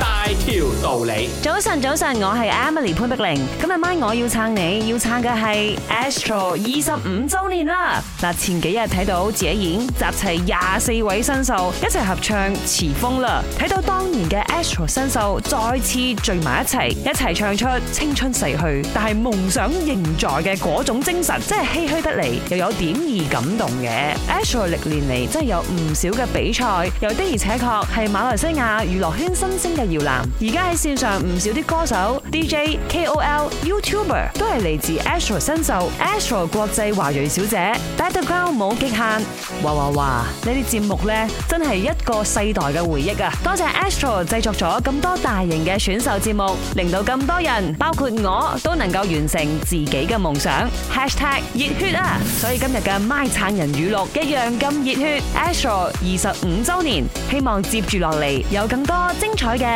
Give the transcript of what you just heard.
大條道理，早晨早晨，我係 Emily 潘碧玲，今日晚我要撐你，要撐嘅係 Astro 二十五周年啦。嗱，前幾日睇到自己演集齊廿四位新秀一齊合唱《辭鋒》啦，睇到當年嘅 Astro 新秀再次聚埋一齊，一齊唱出青春逝去但係夢想仍在嘅嗰種精神，真係唏噓得嚟，又有點而感動嘅。Astro 歷年嚟真係有唔少嘅比賽，又的而且確係馬來西亞娛樂圈新星嘅。搖籃而家喺線上唔少啲歌手、DJ、KOL、YouTuber 都係嚟自 Astro 新秀 Astro 國際華裔小姐 Battleground 冇極限哇哇哇呢啲節目呢，真係一個世代嘅回憶啊！多謝 Astro 製作咗咁多大型嘅選秀節目，令到咁多人包括我都能夠完成自己嘅夢想。#Hashtag 熱血啊！所以今日嘅 My 撐人語錄一樣咁熱血。Astro 二十五周年，希望接住落嚟有更多精彩嘅。